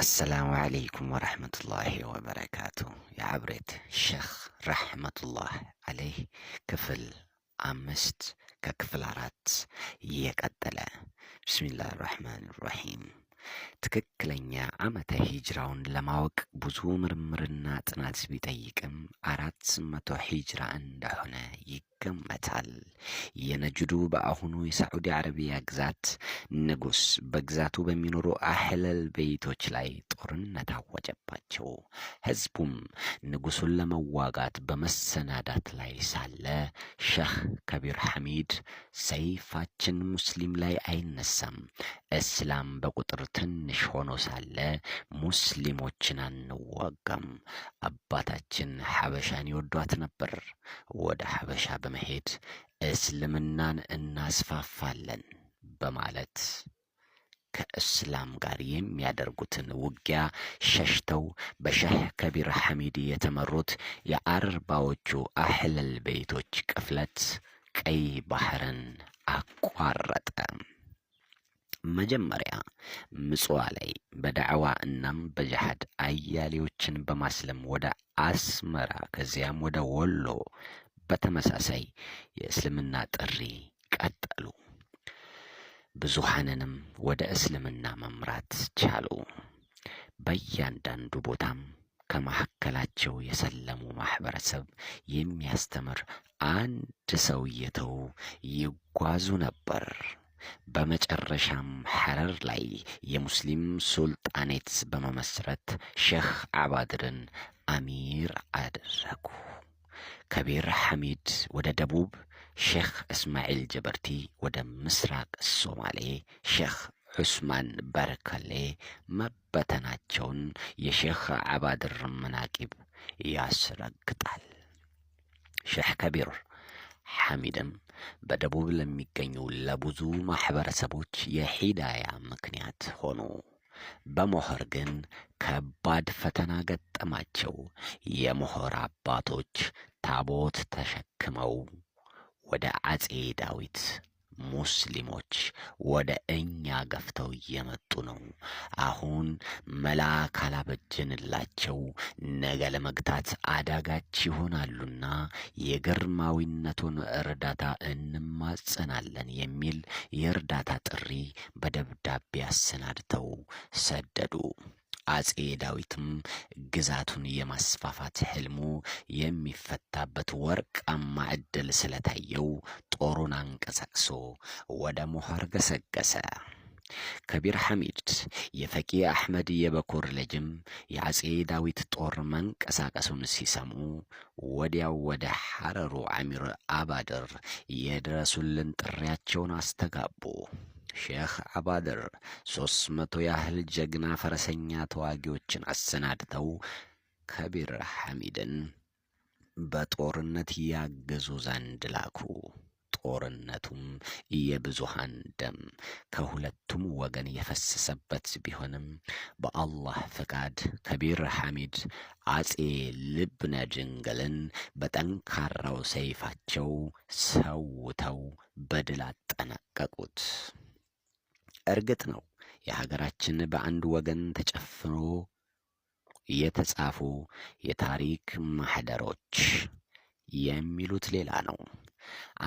السلام عليكم ورحمة الله وبركاته يا عبرة الشيخ رحمة الله عليه كفل أمست ككفل ከክፍል يكتلا بسم الله الرحمن الرحيم ትክክለኛ ዓመተ ሂጅራውን ለማወቅ ብዙ ምርምርና ጥናት ቢጠይቅም አራት መቶ ሂጅራ እንደሆነ ይገመታል። የነጅዱ በአሁኑ የሳዑዲ አረቢያ ግዛት ንጉስ በግዛቱ በሚኖሩ አህለል ቤቶች ላይ ጦርነት አወጀባቸው። ህዝቡም ንጉሱን ለመዋጋት በመሰናዳት ላይ ሳለ ሼህ ከቢር ሐሚድ ሰይፋችን ሙስሊም ላይ አይነሳም፣ እስላም በቁጥር ትንሽ ሆኖ ሳለ ሙስሊሞችን አንዋጋም። አባታችን ሐበሻን ይወዷት ነበር። ወደ ሐበሻ በመሄድ እስልምናን እናስፋፋለን በማለት ከእስላም ጋር የሚያደርጉትን ውጊያ ሸሽተው በሻህ ከቢር ሐሚድ የተመሩት የአርባዎቹ አህለል ቤቶች ቅፍለት ቀይ ባህርን አቋረጠ። መጀመሪያ ምጽዋ ላይ በዳዕዋ እናም በጅሃድ አያሌዎችን በማስለም ወደ አስመራ ከዚያም ወደ ወሎ በተመሳሳይ የእስልምና ጥሪ ቀጠሉ። ብዙሃንንም ወደ እስልምና መምራት ቻሉ። በእያንዳንዱ ቦታም ከመካከላቸው የሰለሙ ማህበረሰብ የሚያስተምር አንድ ሰው እየተው ይጓዙ ነበር። በመጨረሻም ሐረር ላይ የሙስሊም ሱልጣኔት በመመስረት ሼህ አባድርን አሚር አደረጉ። ከቢር ሐሚድ ወደ ደቡብ ሼክ እስማኤል ጀበርቲ ወደ ምስራቅ ሶማሌ ሼክ ዑስማን በርከሌ መበተናቸውን የሼክ አባድር መናቂብ ያስረግጣል። ሼህ ከቢር ሐሚድም በደቡብ ለሚገኙ ለብዙ ማህበረሰቦች የሂዳያ ምክንያት ሆኑ። በሞኸር ግን ከባድ ፈተና ገጠማቸው። የሞኸር አባቶች ታቦት ተሸክመው ወደ አጼ ዳዊት ሙስሊሞች ወደ እኛ ገፍተው እየመጡ ነው። አሁን መላ ካላበጀንላቸው ነገ ለመግታት አዳጋች ይሆናሉና የግርማዊነቱን እርዳታ እንማጸናለን የሚል የእርዳታ ጥሪ በደብዳቤ አሰናድተው ሰደዱ። አጼ ዳዊትም ግዛቱን የማስፋፋት ህልሙ የሚፈታበት ወርቃማ ዕድል ስለታየው ጦሩን አንቀሳቅሶ ወደ ሞሖር ገሰገሰ። ከቢር ሐሚድ የፈቂ አሕመድ የበኩር ልጅም የአጼ ዳዊት ጦር መንቀሳቀሱን ሲሰሙ ወዲያው ወደ ሐረሩ አሚር አባድር የድረሱልን ጥሪያቸውን አስተጋቡ። ሼህ አባድር ሦስት መቶ ያህል ጀግና ፈረሰኛ ተዋጊዎችን አሰናድተው ከቢር ሐሚድን በጦርነት ያገዙ ዘንድ ላኩ። ጦርነቱም የብዙሃን ደም ከሁለቱም ወገን የፈሰሰበት ቢሆንም በአላህ ፈቃድ ከቢር ሐሚድ አጼ ልብነ ድንግልን በጠንካራው ሰይፋቸው ሰውተው በድል አጠናቀቁት። እርግጥ ነው የሀገራችን በአንድ ወገን ተጨፍኖ የተጻፉ የታሪክ ማህደሮች የሚሉት ሌላ ነው።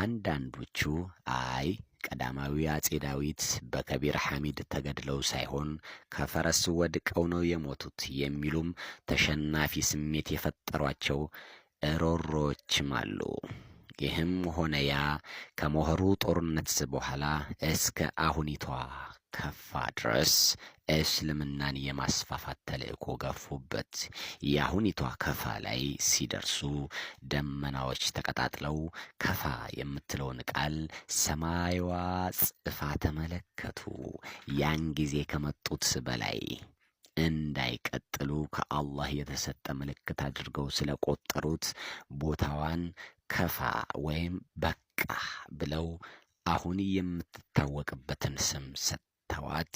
አንዳንዶቹ አይ ቀዳማዊ አጼ ዳዊት በከቢር ሐሚድ ተገድለው ሳይሆን ከፈረስ ወድቀው ነው የሞቱት የሚሉም ተሸናፊ ስሜት የፈጠሯቸው እሮሮችም አሉ። ይህም ሆነ ያ ከሞህሩ ጦርነት በኋላ እስከ አሁኒቷ ከፋ ድረስ እስልምናን የማስፋፋት ተልእኮ ገፉበት። የአሁኒቷ ከፋ ላይ ሲደርሱ ደመናዎች ተቀጣጥለው ከፋ የምትለውን ቃል ሰማይዋ ጽፋ ተመለከቱ። ያን ጊዜ ከመጡት በላይ እንዳይቀጥሉ ከአላህ የተሰጠ ምልክት አድርገው ስለቆጠሩት ቦታዋን ከፋ ወይም በቃ ብለው አሁን የምትታወቅበትን ስም ሰጥተዋት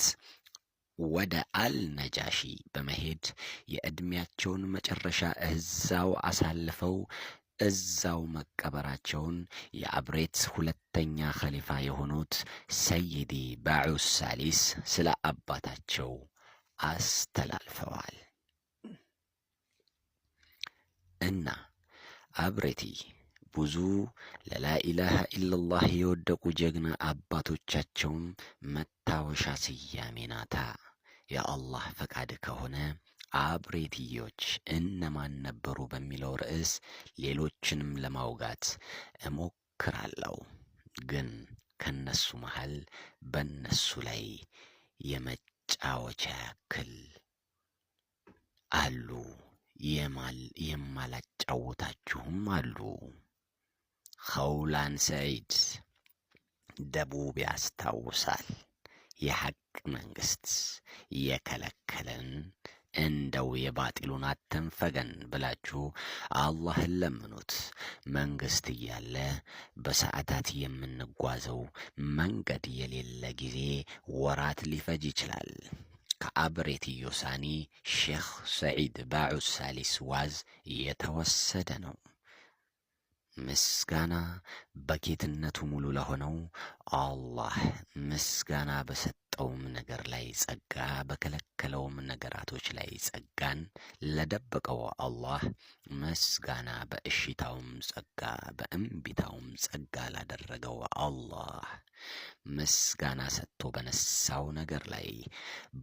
ወደ አል ነጃሺ በመሄድ የዕድሜያቸውን መጨረሻ እዛው አሳልፈው እዛው መቀበራቸውን የአብሬት ሁለተኛ ኸሊፋ የሆኑት ሰይዲ ባዑ ሳሊስ ስለ አባታቸው አስተላልፈዋል እና አብሬቲ ብዙ ለላኢላሃ ኢላላህ የወደቁ ጀግና አባቶቻቸውም መታወሻ ስያሜ ናታ። የአላህ ፈቃድ ከሆነ አብሬትዮች እነማን ነበሩ በሚለው ርዕስ ሌሎችንም ለማውጋት እሞክራለሁ። ግን ከነሱ መሃል በነሱ ላይ የመጭ መጫወቻ ያክል አሉ። የማላጫወታችሁም አሉ። ኸውላን ሰይድ ደቡብ ያስታውሳል። የሐቅ መንግሥት የከለከለን እንደው የባጢሉን አትንፈገን ብላችሁ አላህን ለምኑት። መንግስት እያለ በሰዓታት የምንጓዘው መንገድ የሌለ ጊዜ ወራት ሊፈጅ ይችላል። ከአብሬት ዮሳኒ ሼክ ሰዒድ ባዑ ሳሊስ ዋዝ የተወሰደ ነው። ምስጋና በጌትነቱ ሙሉ ለሆነው አላህ ምስጋና በሰ በሰጠውም ነገር ላይ ጸጋ በከለከለውም ነገራቶች ላይ ጸጋን ለደበቀው አላህ ምስጋና፣ በእሽታውም ጸጋ በእምቢታውም ጸጋ ላደረገው አላህ ምስጋና ሰጥቶ በነሳው ነገር ላይ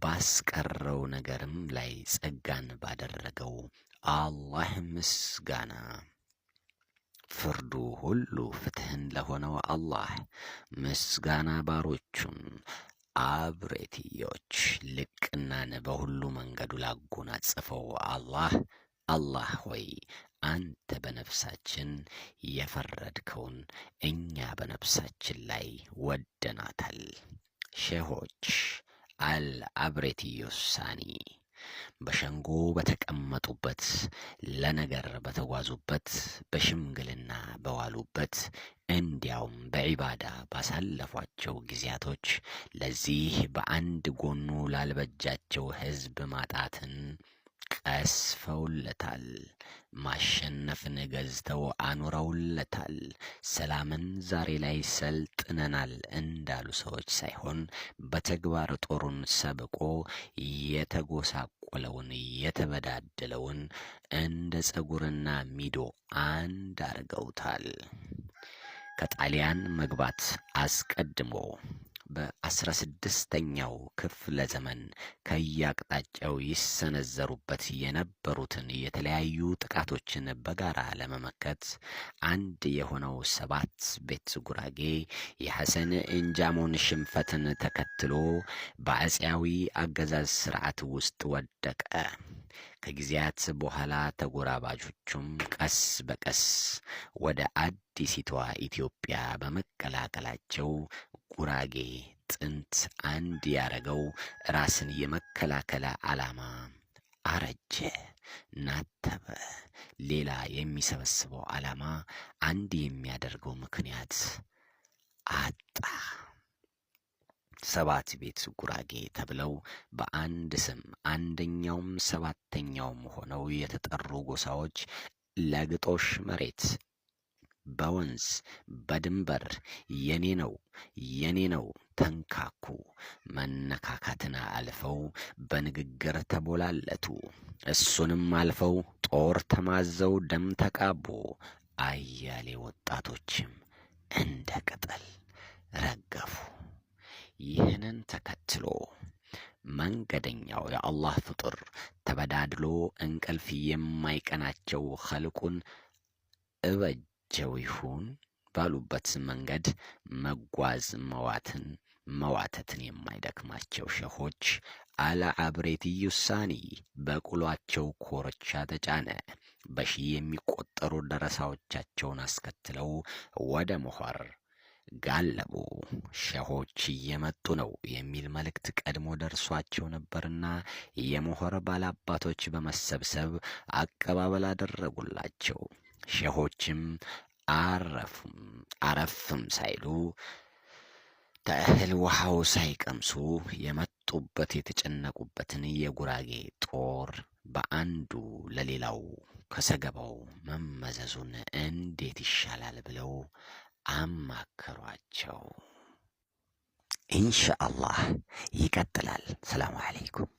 ባስቀረው ነገርም ላይ ጸጋን ባደረገው አላህ ምስጋና ፍርዱ ሁሉ ፍትህን ለሆነው አላህ ምስጋና ባሮቹን አብሬትዮች ልቅናን በሁሉ መንገዱ ላጎናጸፈው አላህ አላህ ሆይ አንተ በነፍሳችን የፈረድከውን እኛ በነፍሳችን ላይ ወደናታል። ሼሆች አል በሸንጎ በተቀመጡበት ለነገር በተጓዙበት በሽምግልና በዋሉበት እንዲያውም በዒባዳ ባሳለፏቸው ጊዜያቶች ለዚህ በአንድ ጎኑ ላልበጃቸው ሕዝብ ማጣትን ቀስፈውለታል። ማሸነፍን ገዝተው አኑረውለታል። ሰላምን ዛሬ ላይ ሰልጥነናል እንዳሉ ሰዎች ሳይሆን በተግባር ጦሩን ሰብቆ የተጎሳቆለውን የተበዳደለውን እንደ ጸጉርና ሚዶ አንድ አድርገውታል። ከጣሊያን መግባት አስቀድሞ በአስራ ስድስተኛው ክፍለ ዘመን ከየአቅጣጫው ይሰነዘሩበት የነበሩትን የተለያዩ ጥቃቶችን በጋራ ለመመከት አንድ የሆነው ሰባት ቤት ጉራጌ የሐሰን እንጃሞን ሽንፈትን ተከትሎ በአፄያዊ አገዛዝ ስርዓት ውስጥ ወደቀ። ከጊዜያት በኋላ ተጎራባጆቹም ቀስ በቀስ ወደ አዲሲቷ ኢትዮጵያ በመቀላቀላቸው ጉራጌ ጥንት አንድ ያረገው ራስን የመከላከል ዓላማ አረጀ፣ ናተበ። ሌላ የሚሰበስበው ዓላማ አንድ የሚያደርገው ምክንያት አጣ። ሰባት ቤት ጉራጌ ተብለው በአንድ ስም አንደኛውም ሰባተኛውም ሆነው የተጠሩ ጎሳዎች ለግጦሽ መሬት በወንዝ በድንበር የኔ ነው የኔ ነው ተንካኩ። መነካካትን አልፈው በንግግር ተቦላለቱ። እሱንም አልፈው ጦር ተማዘው ደም ተቃቡ። አያሌ ወጣቶችም እንደ ቅጠል ረገፉ። ይህንን ተከትሎ መንገደኛው የአላህ ፍጡር ተበዳድሎ እንቅልፍ የማይቀናቸው ኸልቁን እበጅ እጃቸው ይሁን ባሉበት መንገድ መጓዝ መዋትን መዋተትን የማይደክማቸው ሸሆች አላ አብሬት ዩሳኒ በቁሏቸው ኮርቻ ተጫነ። በሺ የሚቆጠሩ ደረሳዎቻቸውን አስከትለው ወደ መኋር ጋለቡ። ሸሆች እየመጡ ነው የሚል መልእክት ቀድሞ ደርሷቸው ነበርና የሞኸር ባላባቶች በመሰብሰብ አቀባበል አደረጉላቸው። ሼሆችም አረፉም አረፍም ሳይሉ ተእህል ውሃው ሳይቀምሱ የመጡበት የተጨነቁበትን የጉራጌ ጦር በአንዱ ለሌላው ከሰገባው መመዘዙን እንዴት ይሻላል ብለው አማከሯቸው። ኢንሻአላህ ይቀጥላል። ሰላሙ አለይኩም።